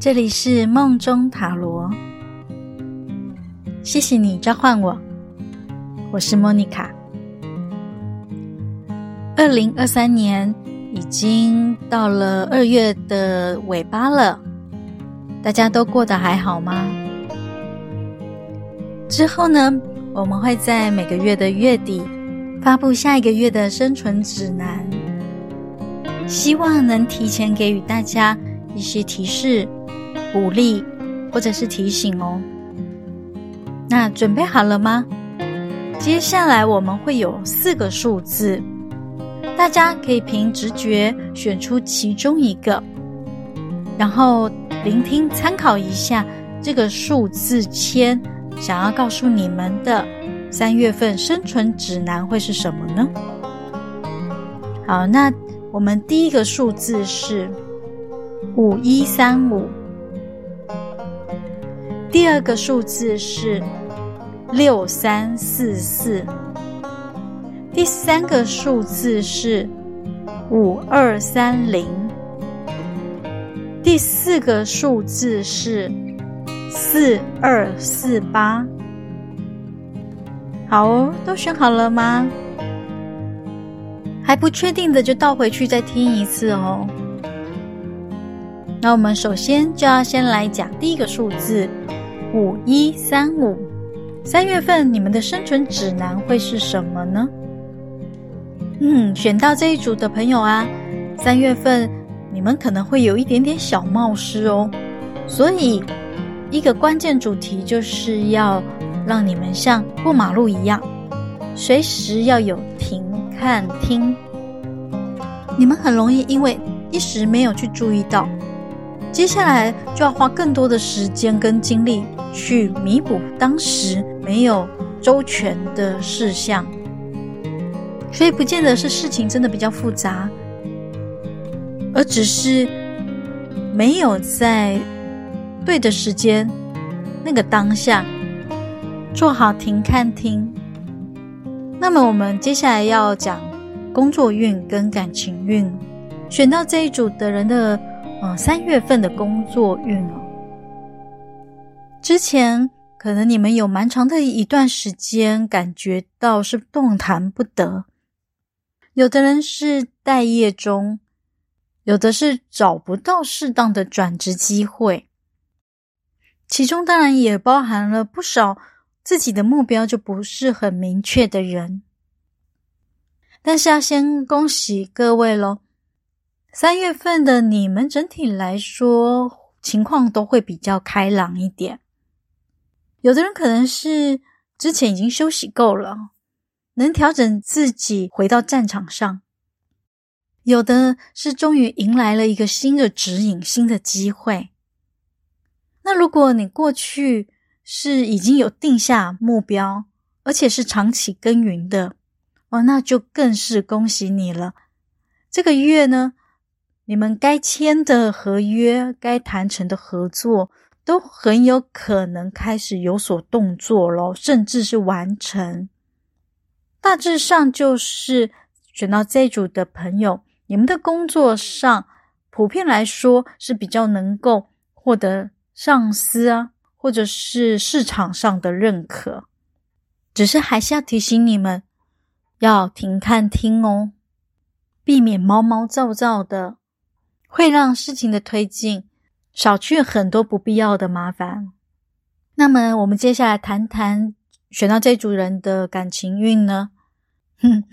這裡是夢中塔羅，謝謝你召喚我，我是莫妮卡。二零二三年已經到了二月的尾巴了，大家都過得還好嗎？之後呢，我們會在每個月的月底發布下一個月的生存指南，希望能提前給予大家一些提示。鼓勵，或者是提醒哦。那準備好了嗎？接下來我們會有四個數字，大家可以憑直覺選出其中一個，然後聆聽參考一下這個數字籤想要告訴你們的三月份生存指南會是什麼呢？好，那我們第一個數字是五一三五。第二個數字是六三四四，第三個數字是五二三零，第四個數字是四二四八。好哦，都選好了嗎？還不確定的就倒回去再聽一次哦。那我們首先就要先來講第一個數字。五一三五，三月份你們的生存指南會是什麼呢？嗯，選到這一組的朋友啊，三月份你們可能會有一點點小冒失哦，所以一個關鍵主題就是要讓你們像過馬路一樣，隨時要有停看聽。你們很容易因為一時沒有去注意到，接下來就要花更多的時間跟精力。去彌補當時沒有周全的事項，所以不見得是事情真的比較複雜，而只是沒有在對的時間，那個當下做好停看聽。那麼我們接下來要講工作運跟感情運，選到這一組的人的嗯三月份的工作運哦。之前可能你們有蠻長的一段時間感覺到是動彈不得，有的人是待業中，有的是找不到適當的轉職機會，其中當然也包含了不少自己的目標就不是很明確的人，但是要先恭喜各位咯，三月份的你們整體來說情況都會比較開朗一點。有的人可能是之前已經休息夠了，能調整自己回到戰場上；有的是終於迎來了一個新的指引、新的機會。那如果你過去是已經有定下目標，而且是長期耕耘的，哦，那就更是恭喜你了。這個月呢，你們該簽的合約、該談成的合作，都很有可能開始有所動作咯，甚至是完成。大致上就是選到這一組的朋友，你們的工作上普遍來說是比較能夠獲得上司啊，或者是市場上的認可。只是還是要提醒你們，要停看聽哦，避免毛毛躁躁的，會讓事情的推進。少去很多不必要的麻煩。那麼，我們接下來談談選到這組人的感情運呢？哼、嗯，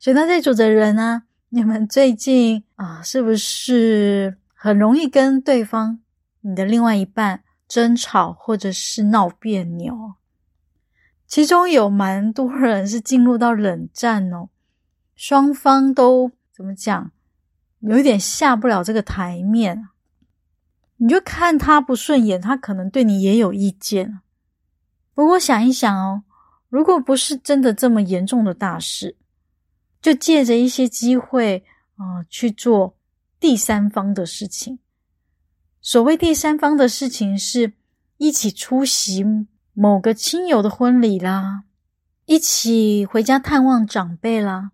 選到這組的人呢、啊，你們最近啊，是不是很容易跟對方、你的另外一半爭吵，或者是鬧彆扭？其中有蠻多人是進入到冷戰哦，雙方都怎麼講，有一點下不了這個台面。你就看他不順眼，他可能對你也有意見。不過想一想哦，如果不是真的這麼嚴重的大事，就借着一些機會，呃，去做第三方的事情。所謂第三方的事情，是一起出席某個親友的婚禮啦，一起回家探望長輩啦。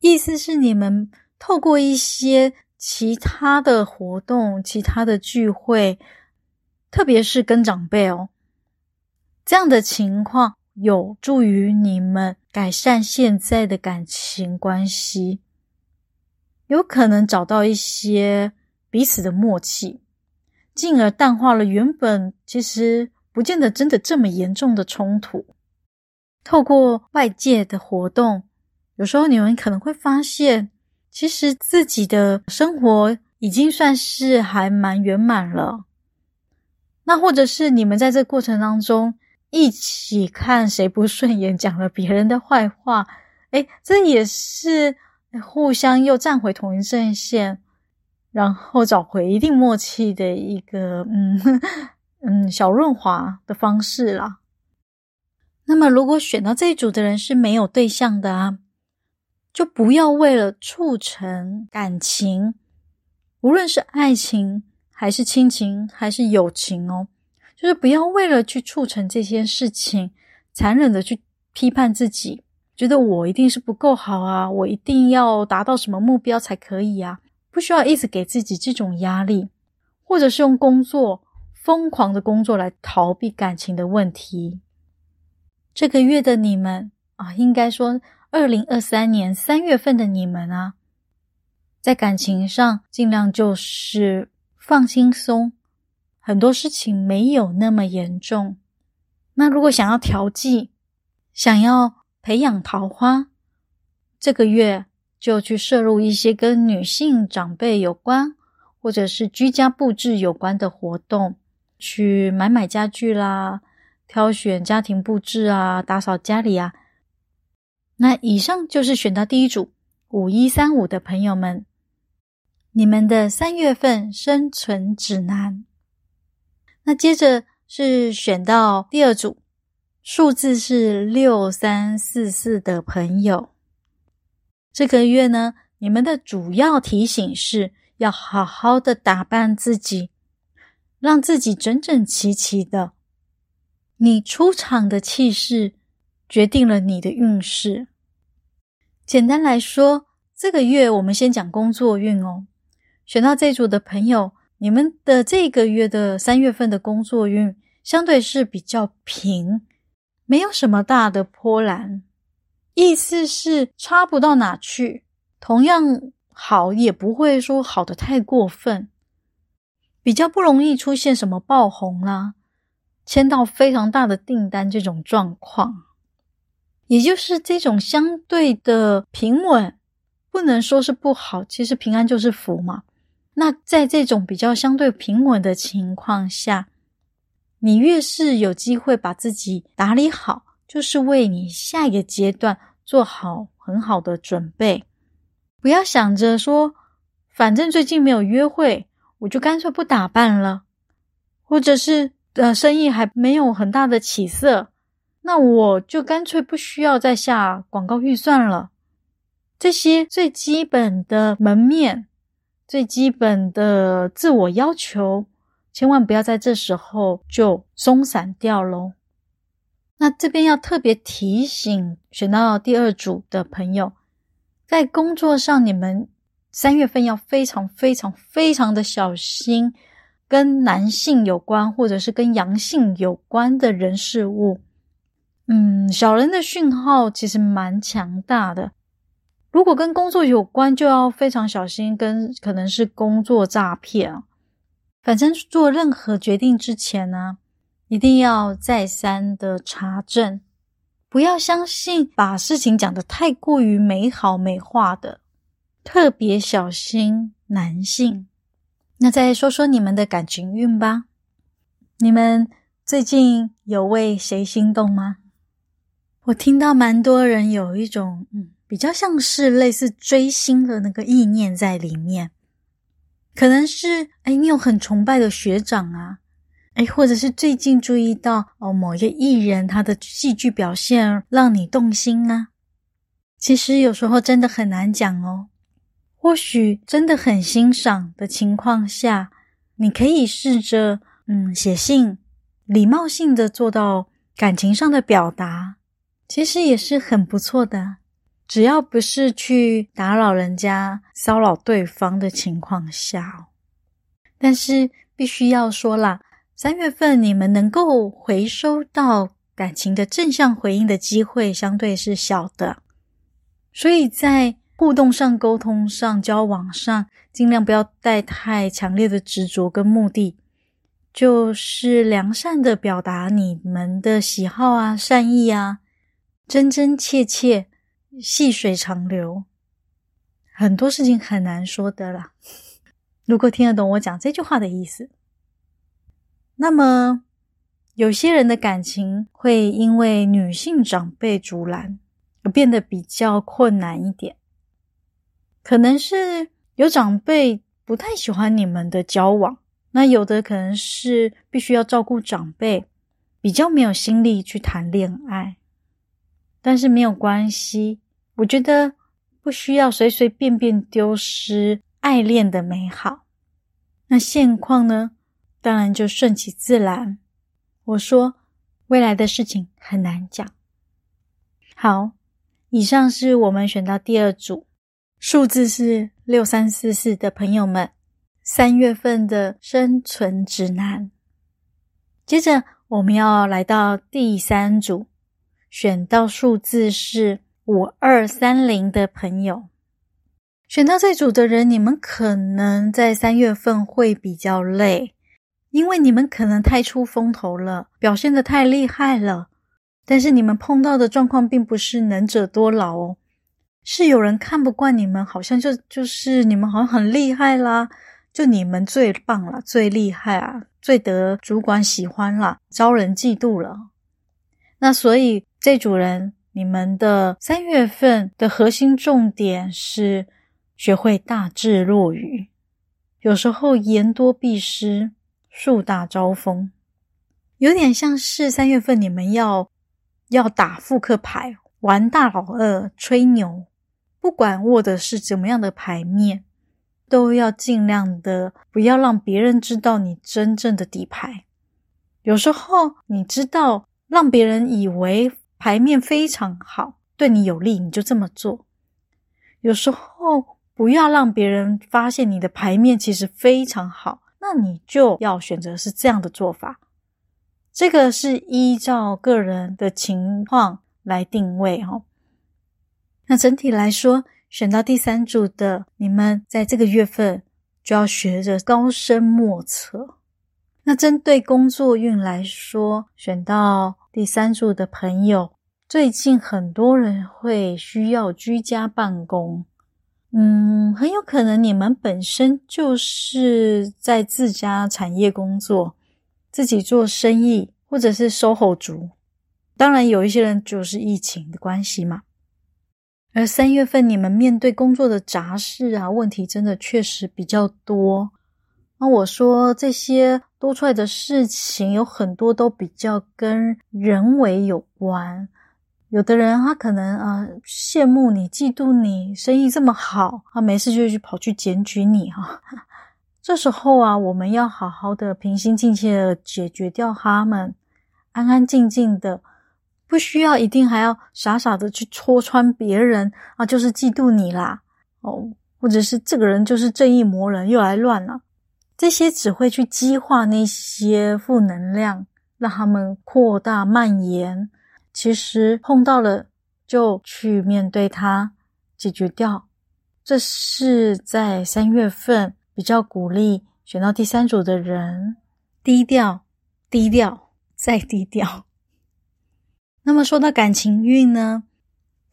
意思是你們透過一些。其他的活動、其他的聚會，特別是跟長輩哦，這樣的情況有助於你們改善現在的感情關係，有可能找到一些彼此的默契，進而淡化了原本其實不見得真的這麼嚴重的衝突。透過外界的活動，有時候你們可能會發現。其實自己的生活已經算是還蠻圓滿了，那或者是你們在這過程當中一起看誰不順眼，講了別人的壞話，誒，這也是互相又站回同一陣線，然後找回一定默契的一個嗯嗯小潤滑的方式啦。那麼如果選到這一組的人是沒有對象的啊。就不要為了促成感情，無論是愛情還是親情還是友情哦，就是不要為了去促成這些事情，殘忍的去批判自己，覺得我一定是不夠好啊，我一定要達到什麼目標才可以啊，不需要一直給自己這種壓力，或者是用工作瘋狂的工作來逃避感情的問題。這個月的你們啊，應該說。二零二三年三月份的你們啊，在感情上盡量就是放輕鬆，很多事情沒有那麼嚴重。那如果想要調劑、想要培養桃花，這個月就去攝入一些跟女性長輩有關，或者是居家布置有關的活動，去買買家具啦，挑選家庭布置啊，打掃家裡啊。那以上就是選到第一組五一三五的朋友們，你們的三月份生存指南。那接着是選到第二組數字是六三四四的朋友，這個月呢，你們的主要提醒是要好好的打扮自己，讓自己整整齊齊的，你出場的氣勢。決定了你的運勢。簡單來說，這個月我們先講工作運哦。選到這組的朋友，你們的這個月的三月份的工作運相對是比較平，沒有什麼大的波瀾，意思是差不到哪去。同樣好，也不會說好得太過分，比較不容易出現什麼爆紅啦、啊、簽到非常大的訂單這種狀況。也就是這種相對的平穩，不能說是不好。其實平安就是福嘛。那在這種比較相對平穩的情況下，你越是有機會把自己打理好，就是為你下一個階段做好很好的準備。不要想着說，反正最近沒有約會，我就乾脆不打扮了，或者是呃，生意還沒有很大的起色。那我就乾脆不需要再下廣告預算了。這些最基本的門面，最基本的自我要求，千萬不要在這時候就鬆散掉嘍。那這邊要特別提醒選到第二組的朋友，在工作上你們三月份要非常非常非常的小心，跟男性有關或者是跟陽性有關的人事物。嗯，小人的訊號其實蠻強大的。如果跟工作有關，就要非常小心，跟可能是工作詐騙啊。反正做任何決定之前呢、啊，一定要再三的查證，不要相信把事情講得太過於美好美化的。特別小心男性。那再說說你們的感情運吧，你們最近有為誰心動嗎？我聽到蠻多人有一種，嗯，比較像是類似追星的那個意念在裡面，可能是哎，你有很崇拜的學長啊，哎，或者是最近注意到哦，某一個藝人他的戲劇表現讓你動心啊。其實有時候真的很難講哦，或許真的很欣賞的情況下，你可以試着嗯寫信，禮貌性的做到感情上的表達。其實也是很不錯的，只要不是去打擾人家，騷擾對方的情況下。但是必須要說啦，三月份你們能夠回收到感情的正向回應的機會相對是小的，所以在互動上、溝通上、交往上，盡量不要帶太強烈的執着跟目的，就是良善的表達你們的喜好啊、善意啊。真真切切，細水長流，很多事情很難說的啦，如果聽得懂我講這句話的意思，那麼有些人的感情會因為女性長輩阻攔而變得比較困難一點。可能是有長輩不太喜歡你們的交往，那有的可能是必須要照顧長輩，比較沒有心力去談戀愛。但是沒有關係，我覺得不需要隨隨便便丟失愛戀的美好。那現況呢？當然就順其自然。我說未來的事情很難講。好，以上是我們選到第二組，數字是六三四四的朋友們，三月份的生存指南。接着我們要來到第三組。選到數字是五二三零的朋友，選到這組的人，你們可能在三月份會比較累，因為你們可能太出風頭了，表現得太厲害了。但是你們碰到的狀況並不是能者多勞哦，是有人看不慣你們，好像就就是你們好像很厲害啦，就你們最棒啦，最厲害啊，最得主管喜歡啦，招人嫉妒了。那所以，這組人，你們的三月份的核心重點是學會大智若愚。有時候言多必失，樹大招風，有點像是三月份你們要要打撲克牌，玩大老二，吹牛。不管握的是怎麼樣的牌面，都要盡量的不要讓別人知道你真正的底牌。有時候你知道。讓別人以為牌面非常好，對你有利，你就這麼做。有時候不要讓別人發現你的牌面其實非常好，那你就要選擇是這樣的做法。這個是依照個人的情況來定位哦，那整體來說，選到第三組的你們，在這個月份就要學着高深莫測。那針對工作運來說，選到。第三組的朋友，最近很多人會需要居家辦公，嗯，很有可能你們本身就是在自家產業工作，自己做生意，或者是 SOHO 族。當然，有一些人就是疫情的關係嘛。而三月份你們面對工作的雜事啊，問題真的確實比較多。那、啊、我說，這些多出來的事情有很多都比較跟人為有關。有的人他可能啊、呃、羨慕你、嫉妒你，生意這麼好，他沒事就去跑去檢舉你哈、啊。 這時候啊，我們要好好的平心靜氣的解決掉他們，安安靜靜的，不需要一定還要傻傻的去戳穿別人啊，就是嫉妒你啦，哦，或者是這個人就是正義魔人又來亂了。這些只會去激化那些負能量，讓他們擴大蔓延。其實碰到了就去面對它，解決掉。這是在三月份比較鼓勵選到第三組的人，低調、低調、再低調。那麼說到感情運呢，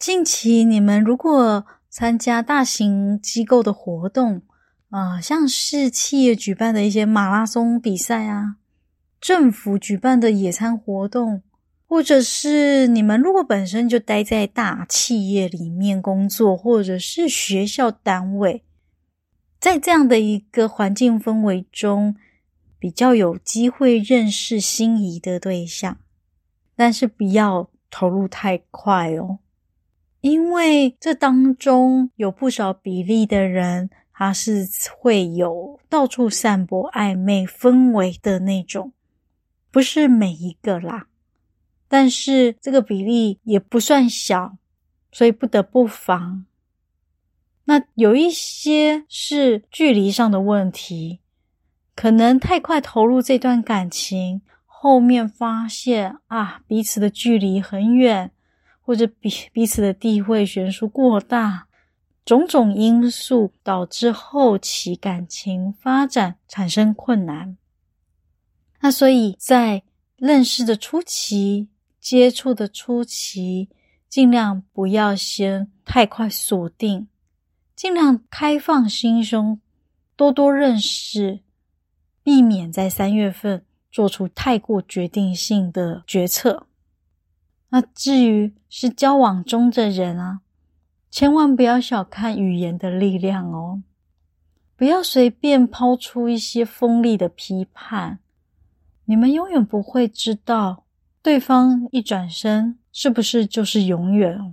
近期你們如果參加大型機構的活動。啊，像是企業舉辦的一些馬拉松比賽啊，政府舉辦的野餐活動，或者是你們如果本身就待在大企業裡面工作，或者是學校單位，在這樣的一個環境氛圍中，比較有機會認識心儀的對象，但是不要投入太快哦，因為這當中有不少比例的人。他是會有到處散播曖昧氛圍的那種，不是每一個啦，但是這個比例也不算小，所以不得不防。那有一些是距離上的問題，可能太快投入這段感情，後面發現啊，彼此的距離很遠，或者彼彼此的地位懸殊過大。種種因素導致後期感情發展產生困難，那所以在認識的初期、接觸的初期，盡量不要先太快鎖定，盡量開放心胸，多多認識，避免在三月份做出太過決定性的決策。那至於是交往中的人啊。千萬不要小看語言的力量哦！不要隨便拋出一些鋒利的批判，你們永遠不會知道對方一轉身是不是就是永遠。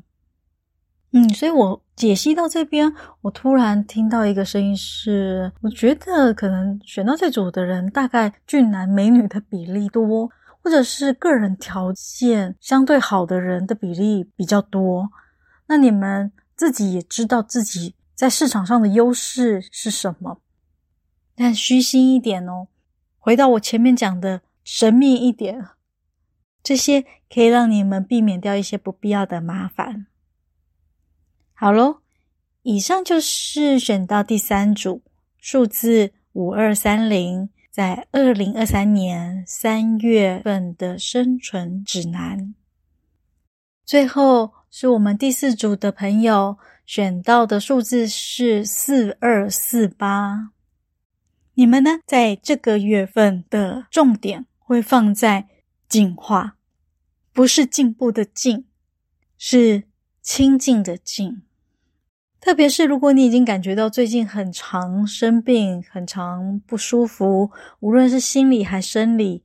嗯，所以我解析到這邊，我突然聽到一個聲音是，是我覺得可能選到這組的人，大概俊男美女的比例多，或者是個人條件相對好的人的比例比較多。那你們？自己也知道自己在市場上的優勢是什麼，但虛心一點哦。回到我前面講的，神秘一點，這些可以讓你們避免掉一些不必要的麻煩。好咯，以上就是選到第三組，數字五二三零，在二零二三年三月份的生存指南。最後。是我們第四組的朋友選到的數字是四二四八。你們呢？在這個月份的重點會放在淨化，不是進步的進，是清淨的淨。特別是如果你已經感覺到最近很常生病、很常不舒服，無論是心理還是生理，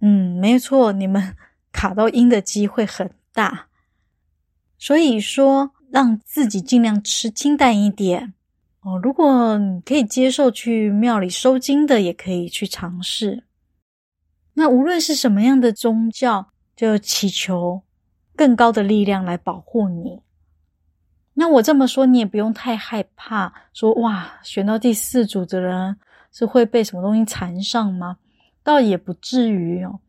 嗯，沒錯，你們卡到陰的機會很大。所以說，讓自己盡量吃清淡一點哦。如果你可以接受去廟裡收驚的，也可以去嘗試。那無論是什麼樣的宗教，就祈求更高的力量來保護你。那我這麼說，你也不用太害怕說。說哇，選到第四組的人是會被什麼東西纏上嗎？倒也不至於哦。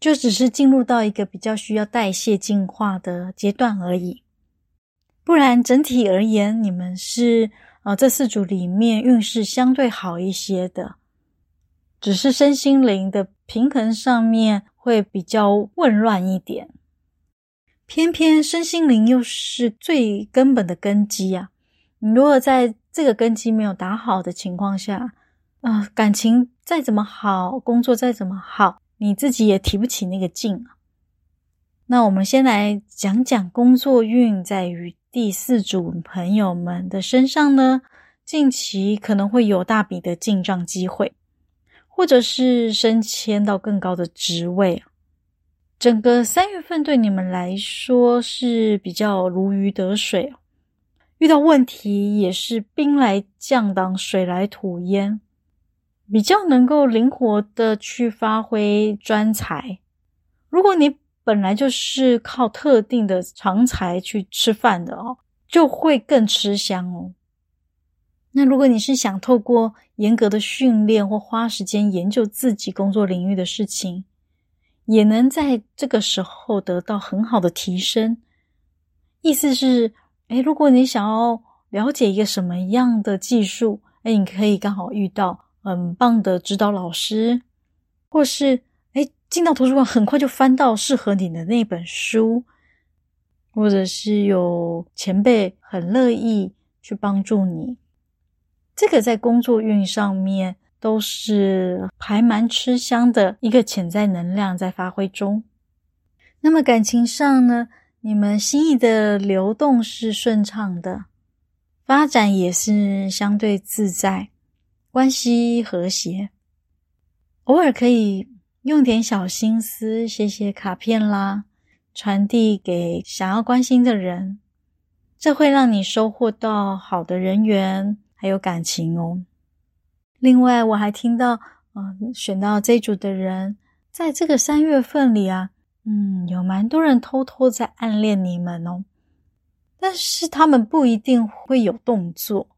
就只是進入到一個比較需要代謝進化的階段而已，不然整體而言，你們是呃這四組裡面運勢相對好一些的，只是身心靈的平衡上面會比較紊亂一點。偏偏身心靈又是最根本的根基啊！你如果在這個根基沒有打好的情況下，呃，感情再怎麼好，工作再怎麼好，你自己也提不起那個勁、啊。那我們先來講講工作運，在於第四組朋友們的身上呢，近期可能會有大筆的進賬機會，或者是升遷到更高的職位。整個三月份對你們來說是比較如魚得水，遇到問題也是兵來將擋，水來土掩。比較能夠靈活的去發揮專才，如果你本來就是靠特定的長才去吃飯的哦，就會更吃香哦。那如果你是想透過嚴格的訓練或花時間研究自己工作領域的事情，也能在這個時候得到很好的提升。意思是，誒、欸、如果你想要了解一個什麼樣的技術，誒、欸、你可以剛好遇到。很、嗯、棒的指導老師，或是哎，進、欸、到圖書館很快就翻到適合你的那本書，或者是有前輩很樂意去幫助你。這個在工作運上面都是還蠻吃香的一個潛在能量在發揮中。那麼感情上呢，你們心意的流動是順暢的，發展也是相對自在。關係和諧，偶爾可以用點小心思，寫寫卡片啦，傳遞給想要關心的人，這會讓你收穫到好的人緣還有感情哦。另外，我還聽到，嗯、呃，選到這組的人，在這個三月份裡啊，嗯，有蠻多人偷偷在暗戀你們哦，但是他們不一定會有動作。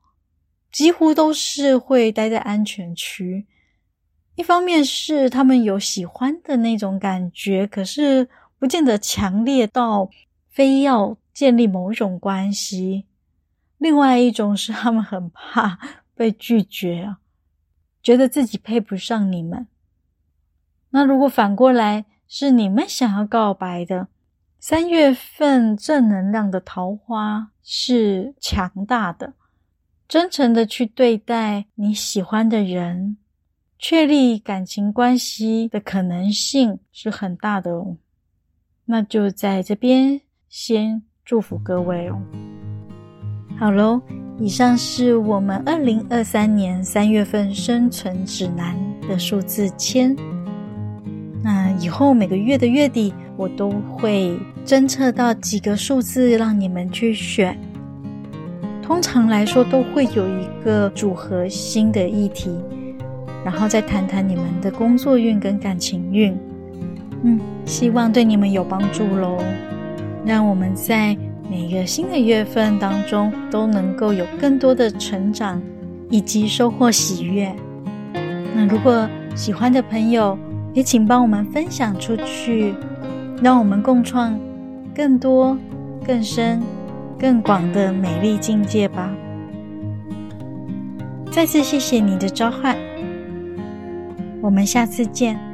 幾乎都是會待在安全區，一方面是他們有喜歡的那種感覺，可是不見得強烈到非要建立某種關係。另外一種是他們很怕被拒絕啊，覺得自己配不上你們。那如果反過來是你們想要告白的，三月份正能量的桃花是強大的。真誠的去對待你喜歡的人，確立感情關係的可能性是很大的哦。那就在這邊先祝福各位哦。好嘍，以上是我們二零二三年三月份生存指南的數字籤。那以後每個月的月底，我都會偵測到幾個數字讓你們去選。通常來說都會有一個組合新的議題，然後再談談你們的工作運跟感情運，嗯，希望對你們有幫助嘍。讓我們在每個新的月份當中都能夠有更多的成長，以及收穫喜悅。那如果喜歡的朋友也請幫我們分享出去，讓我們共創更多、更深。更廣的美麗境界吧！再次謝謝你的召喚，我們下次見。